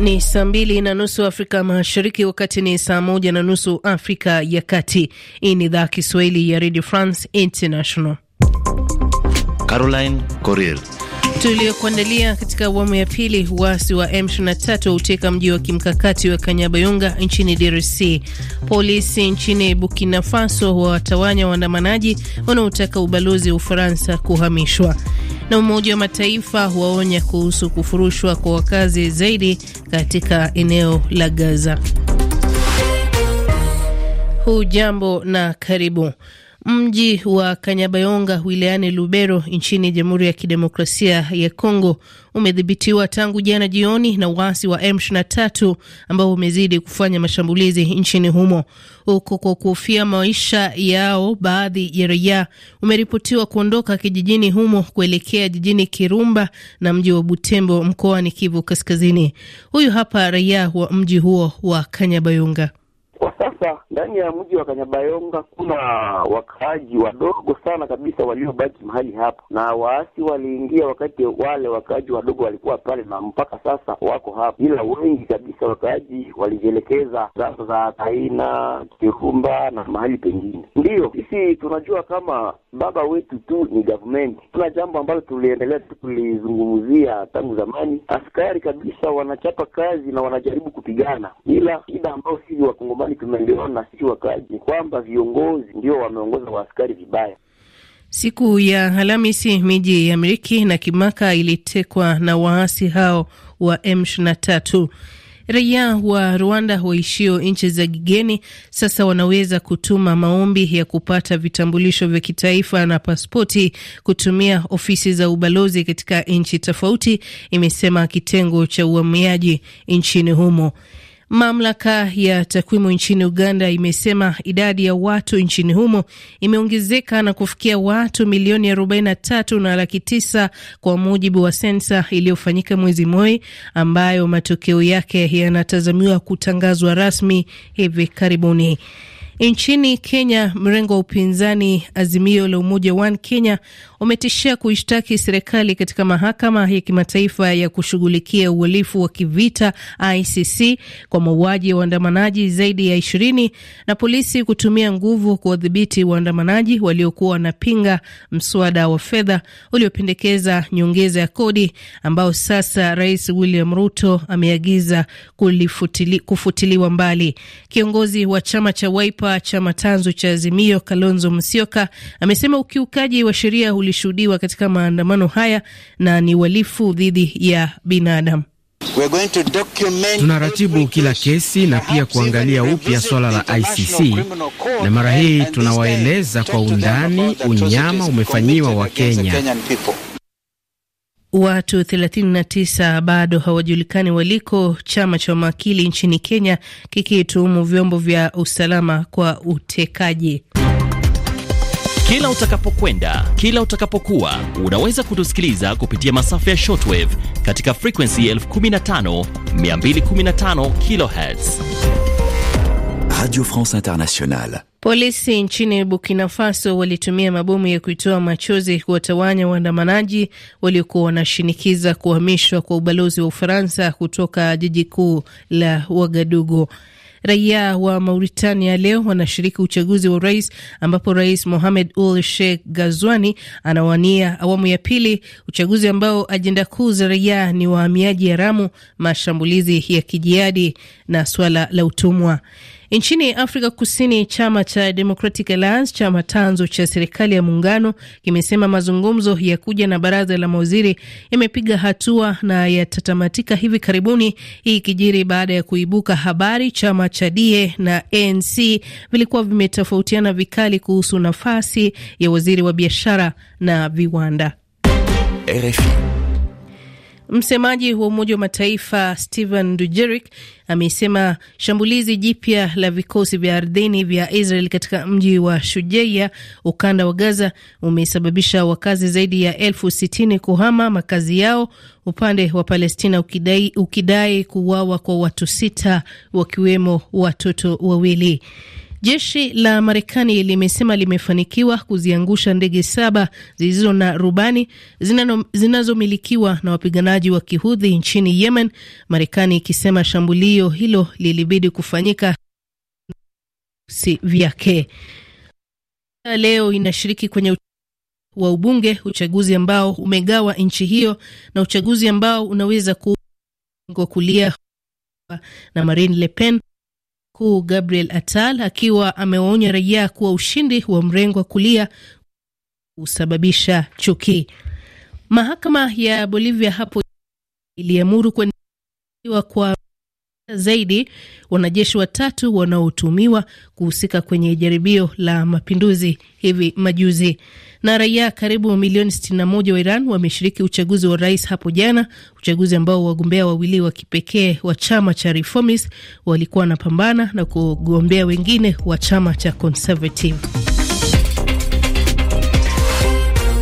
Ni saa mbili na nusu Afrika Mashariki, wakati ni saa moja na nusu Afrika ya Kati. Hii ni idhaa Kiswahili ya Radio France International. Caroline Corel tuliokuandalia katika awamu ya pili. Waasi wa M23 huteka mji wa kimkakati wa Kanyabayonga nchini DRC. Polisi nchini Burkina Faso wawatawanya waandamanaji wanaotaka ubalozi wa Ufaransa kuhamishwa na Umoja wa Mataifa waonya kuhusu kufurushwa kwa wakazi zaidi katika eneo la Gaza. Hujambo na karibu. Mji wa Kanyabayonga wilayani Lubero nchini Jamhuri ya Kidemokrasia ya Kongo umedhibitiwa tangu jana jioni na uasi wa M23 ambao umezidi kufanya mashambulizi nchini humo, huku kwa kuhofia maisha yao, baadhi ya raia umeripotiwa kuondoka kijijini humo kuelekea jijini Kirumba na mji wa Butembo mkoani Kivu Kaskazini. Huyu hapa raia wa mji huo wa Kanyabayonga ndani ya mji wa Kanyabayonga kuna wakaaji wadogo sana kabisa waliobaki mahali hapo, na waasi waliingia wakati wale wakaaji wadogo walikuwa pale, na mpaka sasa wako hapo, ila wengi kabisa wakaaji walijielekeza sasa za taina Kirumba na mahali pengine. Ndiyo sisi tunajua kama baba wetu tu ni government. Kuna jambo ambalo tuliendelea tu kulizungumzia tangu zamani, askari kabisa wanachapa kazi na wanajaribu kupigana, ila shida ambayo sisi wakongomani tumeliona sisi wakazi ni kwamba viongozi ndio wameongoza waaskari vibaya. Siku ya Alhamisi miji ya Miriki na Kimaka ilitekwa na waasi hao wa M23. Raia wa Rwanda waishio nchi za kigeni sasa wanaweza kutuma maombi ya kupata vitambulisho vya kitaifa na paspoti kutumia ofisi za ubalozi katika nchi tofauti, imesema kitengo cha uhamiaji nchini humo. Mamlaka ya takwimu nchini Uganda imesema idadi ya watu nchini humo imeongezeka na kufikia watu milioni 43 na laki tisa kwa mujibu wa sensa iliyofanyika mwezi Moi, ambayo matokeo yake yanatazamiwa kutangazwa rasmi hivi karibuni. Nchini Kenya, mrengo wa upinzani Azimio la Umoja One Kenya umetishia kuishtaki serikali katika mahakama ya kimataifa ya kushughulikia uhalifu wa kivita ICC kwa mauaji ya waandamanaji zaidi ya ishirini na polisi kutumia nguvu kuwadhibiti waandamanaji waliokuwa wanapinga mswada wa fedha uliopendekeza nyongeza ya kodi ambao sasa Rais William Ruto ameagiza kufutiliwa mbali. Kiongozi wa chama cha Wiper chama cha cha Azimio Kalonzo Musyoka amesema ukiukaji wa sheria ulishuhudiwa katika maandamano haya na ni uhalifu dhidi ya binadamu. Tunaratibu kila kesi na pia kuangalia upya swala la ICC, na mara hii tunawaeleza kwa undani unyama umefanyiwa wa kenya Watu 39 bado hawajulikani waliko, chama cha mawakili nchini Kenya kikituhumu vyombo vya usalama kwa utekaji. Kila utakapokwenda, kila utakapokuwa, unaweza kutusikiliza kupitia masafa ya shortwave katika frequency 15215 kilohertz. Radio France Internationale. Polisi nchini Burkina Faso walitumia mabomu ya kuitoa machozi kuwatawanya waandamanaji waliokuwa wanashinikiza kuhamishwa kwa ubalozi wa Ufaransa kutoka jiji kuu la Wagadugu. Raia wa Mauritania leo wanashiriki uchaguzi wa rais ambapo Rais Mohamed ul Sheikh Gazwani anawania awamu ya pili, uchaguzi ambao ajenda kuu za raia ni wahamiaji haramu, mashambulizi ya kijiadi na swala la utumwa. Nchini Afrika Kusini, chama cha Democratic Alliance, chama tanzo cha serikali ya muungano, kimesema mazungumzo ya kuja na baraza la mawaziri yamepiga hatua na yatatamatika hivi karibuni. Hii ikijiri baada ya kuibuka habari chama cha DA na ANC vilikuwa vimetofautiana vikali kuhusu nafasi ya waziri wa biashara na viwanda. RFI. Msemaji wa Umoja wa Mataifa stephen dujerik amesema shambulizi jipya la vikosi vya ardhini vya Israel katika mji wa Shujeia, ukanda wa Gaza, umesababisha wakazi zaidi ya elfu sitini kuhama makazi yao, upande wa Palestina ukidai, ukidai kuuawa kwa watu sita wakiwemo watoto wawili. Jeshi la Marekani limesema limefanikiwa kuziangusha ndege saba zilizo na rubani zinazomilikiwa na wapiganaji wa kihudhi nchini Yemen, Marekani ikisema shambulio hilo lilibidi kufanyika si vyake. Leo inashiriki kwenye wa ubunge, uchaguzi ambao umegawa nchi hiyo na uchaguzi ambao unaweza kuwa kulia na Marine Le Pen Mkuu Gabriel Attal akiwa amewaonya raia kuwa ushindi wa mrengo wa kulia husababisha chuki. Mahakama ya Bolivia hapo iliamuru kuendelea kwa zaidi wanajeshi watatu wanaotumiwa kuhusika kwenye jaribio la mapinduzi hivi majuzi na raia karibu milioni 61 wa Iran wameshiriki uchaguzi wa rais hapo jana, uchaguzi ambao wagombea wawili wa kipekee wa chama cha Reformist walikuwa wanapambana na kugombea wengine wa chama cha Conservative.